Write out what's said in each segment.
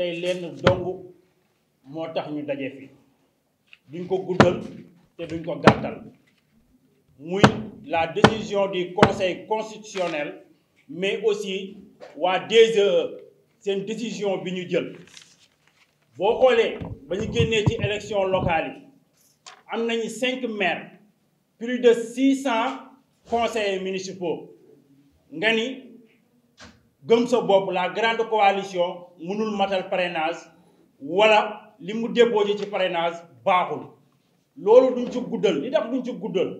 tey lenn dong moo tax ñu daje fi duñ ko guddal te duñ ko gàttal muy la décision du conseil constitutionnel mais aussi waa DGE seen décision bi ñu jël boo xoolee ba ñu génnee ci élection locale yi am nañu cinq maire plus de six cent conseillers municipaux nga ni gëm sa bopp la grande coalition mënul matal parrainage wala li mu boo déposé ci parrainage baaxul loolu duñ ci guddal li tax duñ ci guddal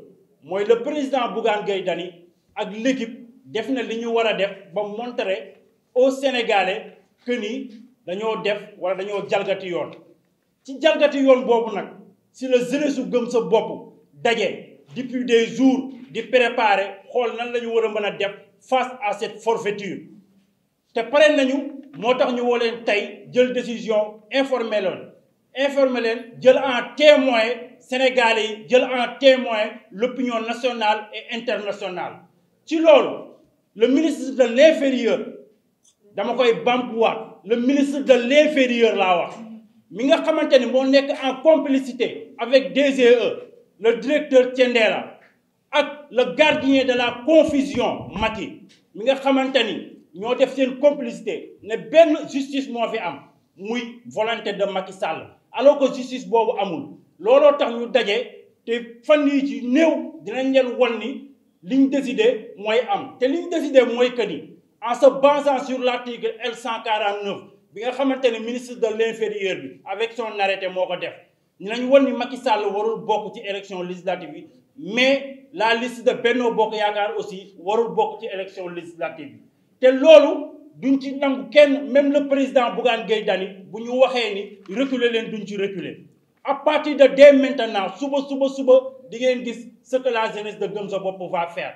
mooy le président Bougane Gueye Dany ak l'équipe def na li ñu war a def ba montrer aux Sénégalais que ni dañoo def wala dañoo jalgati yoon ci jalgati yoon boobu nag si la jeunesse su gëm sa bopp daje depuis des jour di préparer xool nan la ñu war a mën a def face à cette forfaiture te pare nañu moo tax ñu woo leen tey jël décision informé leen informé leen jël en témoin sénégal yi jël en témoin l'opinion nationale et internationale ci loolu le ministre de l'intérieur dama koy bampuwaat le ministre de l'intérieur laa wax mi nga xamante ni moo nekk en complicité avec DGE la directeur Thiendella ak le gardien de la confusion Macky mi nga xamante ni ñoo def seen complicité ne benn justice moo fi am muy volonté de Macky Sall alors que justice boobu amul looloo tax ñu daje te fan yii ci néew dinañ leen wan ni ñu décidé mooy am te liñ décidé mooy que ni en se basant sur l'article L 149 bi nga xamante ne ministre de l'intérieur bi avec son arrêté moo ko def dinañ wan ni Macky Sall warul bokk ci élection législative bi mais la liste de Benno Bokk Yaakaar aussi warul bokk ci élection législative bi te loolu duñ ci nangu kenn même le président Bougane Gueye Dany bu ñu waxee ni reculer leen duñ ci reculer à partir de dès maintenant suba suba suba di ngeen gis ce que la jeunesse de Gëm Sa Bopp va faire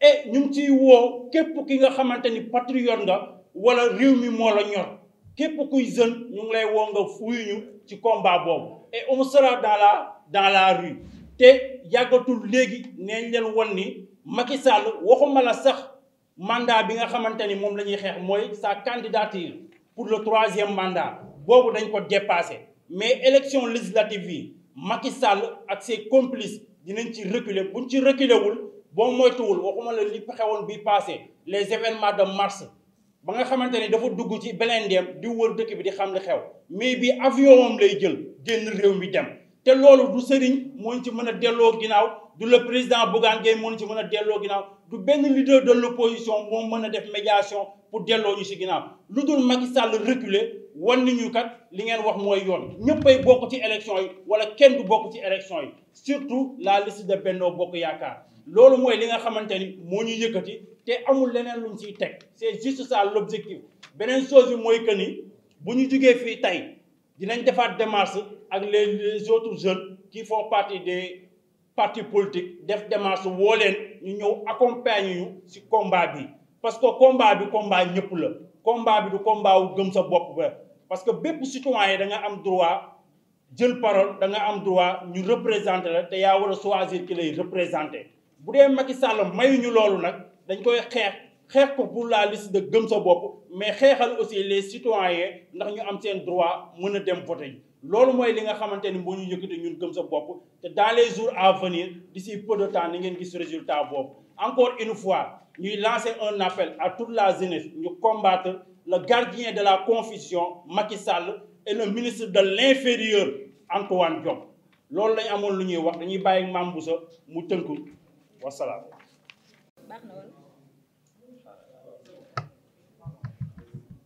et ñu ngi ciy woo képp ki nga xamante ni patriote nga wala réew mi moo la ñor képp kuy jeune ñu ngi lay woo nga fuyuñu ci combat boobu et on sera dans la dans la rue te yàggatul léegi neeñ leen won ni Macky Sall waxuma la sax mandat bi nga xamante ni moom la ñuy xeex mooy sa candidature pour le troisième mandat boobu dañ ko dépassé mais élection législative yi Macky Sall ak ses complices dinañ ci reculer buñ ci reculer wul boo moytuwul waxuma la li xewoon bi passé les événements de mars ba nga xamante ni dafa dugg ci Bélendem di wër dëkk bi di xam li xew mais bi avion moom lay jël génn réew mi dem te loolu du sëriñ mooñ ci mën a delloo ginnaaw du le président Bougane Gueye mooñ ci mën a delloo ginnaaw du benn leader de l'opposition moom mën a def médiation pour delloo ñu si ginnaaw lu dul Macky Sall reculer wan ni ñu kat li ngeen wax mooy yoon ñëppay bokk ci élection yi wala kenn du bokk ci élection yi surtout la liste de Benno Bokk Yaakaar loolu mooy li nga xamante ni moo ñu yëkkati te amul leneen luñ ciy teg c'est juste ça l'objectif beneen chose bi mooy que ni bu ñu jugee fii tey dinañ defaat démarche ak les les autres jeunes qui foo partie de partis politique def démarche woo leen ñu ñëw accompagner yu ci combat bi parce que combat bi combat ñëpp la combat bi du combat wu gëm sa bopp ba parce que bépp citoyen da nga am droit jël parole danga nga am droit ñu représenter la te yaa war a choisir ki lay représenter bu dee mag i Sall mayuñu loolu nag dañ koy xeex. xeex ko pour la liste de gëm sa bopp mais xeexal aussi les citoyens ndax ñu am seen droit mën a dem voter yi loolu mooy li nga xamante ni moo ñu yëkkati ñun gëm sa bopp te dans les jours à venir d'ici peu de temps ni ngeen gis résultat boobu encore une fois ñuy lancer un appel à toute la jeunesse ñu combattre le gardien de la confusion Macky Sall et le ministre de l'intérieur Antoine Diop loolu lañ amoon lu ñuy wax dañuy bàyyi Mame Bousso mu tënku wasalaam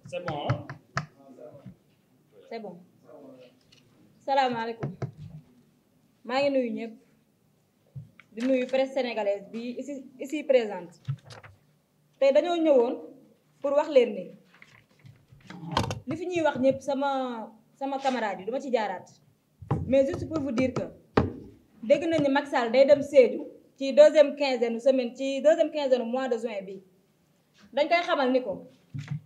c'est bon hein? c'est maa ngi nuyu ñëpp di nuyu presse sénégalaise bi ici ici présente tey dañoo ñëwoon pour wax leen ni li fi ñuy wax ñëpp sama sama camarade yi duma ci jaaraat mais juste pour vous dire que dégg nañu Macky day dem Sédhiou ci deuxième quinzaine semaine ci deuxième quinzaine mois de juin bi dañ koy xamal ni ko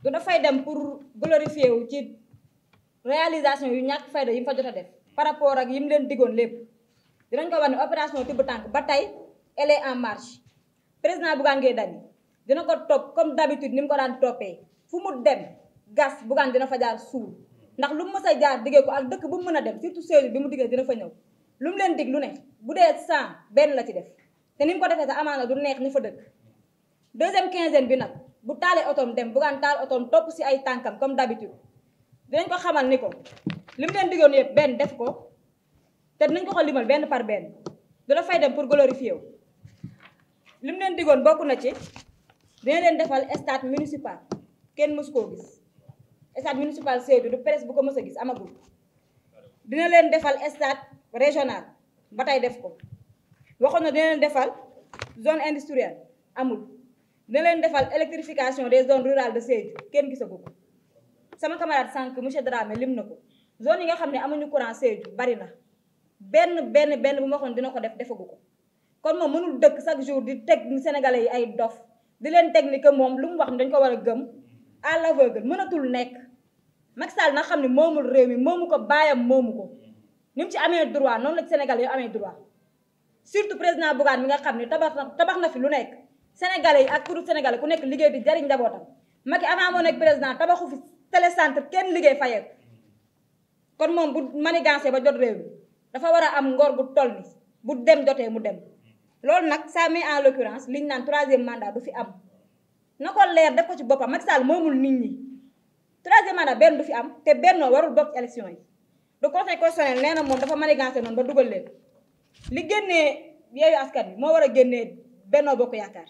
du dafay dem pour glorifier wu ci réalisation yu ñàkk fayda yi mu fa jot a def par rapport ak yi mu leen diggoon lépp dinañ ko wax ne opération tibb tànk ba tey elle en marche président Bougane Gueye Dany dina ko topp comme d'habitude ni mu ko daan toppee fu mu dem gas Bougane dina fa jaar suul ndax lu mu mës a jaar diggee ko ak dëkk bu mu mën a dem surtout Sédhiou bi mu diggee dina fa ñëw lu mu leen dig lu ne bu dee 100 benn la ci def te ni ko defee sax amaana neex ñu fa dëkk deuxième quinzaine bi nag bu taalee otoom dem bugaan taal otoom topp si ay tànkam comme d'habitude dinañ ko xamal ni ko li mu leen diggoon yëpp benn def ko te dinañ ko ko limal benn par benn du la fay dem pour glorifier wu li mu leen diggoon bokk na ci dina leen defal stade municipal kenn mësu koo gis stade municipal Sédhiou du presse bu ko mës a gis amagul dina leen defal state régional ba tey def ko waxoon na dina leen defal zone industrielle amul ne leen defal électrification des zones rural de Sédhiou kenn gisagu ko sama camarade sànq monsieur Dramé lim na ko zone yi nga xam ne amuñu courant Sédhiou bari na benn benn benn bu ma waxoon dina ko def defagu ko kon moom mënul dëkk chaque jour di teg Sénégalais yi ay dof di leen teg ni que moom lu mu wax ni dañ ko war a gëm à l'aveugle mënatul nekk Macky na xam ne moomul réew mi moomu ko baayam moomu ko ni ci amee droit noonu la Sénégalais yi amee droit surtout président Bougane mi nga xam ne tabax na tabax na fi lu nekk sénégalais yi ak pour sénégalais ku nekk liggéey bi jariñ njabootam Macky avant moo nekk président tabaxu fi télécentre kenn liggéey fayeeku kon moom bu manigancé ba jot réew mi dafa war a am ngor gu toll ni bu dem jotee mu dem loolu nag ça met en l'occurrence liñ naan troisième mandat du fi am na ko leer def ko ci boppam Macky Sall moomul nit ñi troisième mandat benn du fi am te bennoo warul bokk ci yi du conseil constitutionnel nee na moom dafa manigancé noonu ba dugal li génnee yeeyu askan bi moo war a génnee bennoo bokk yaakaar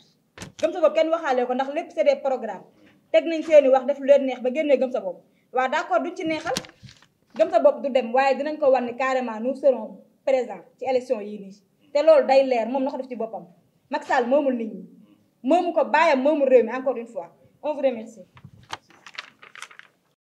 gëm sa bopp kenn waxaalee ko ndax lépp c'est des teg nañ seeni wax def lu leen neex ba génnee gëm sa bopp waaw d'accord duñ ci neexal gëm sa bopp du dem waaye dinañ ko wan ni carrément nu serons présents ci élection yi nii te loolu day leer moom na ko def ci boppam Macky saal moomul nit ñi moomu ko bàyyam moomul réew mi encore une fois on vous remercie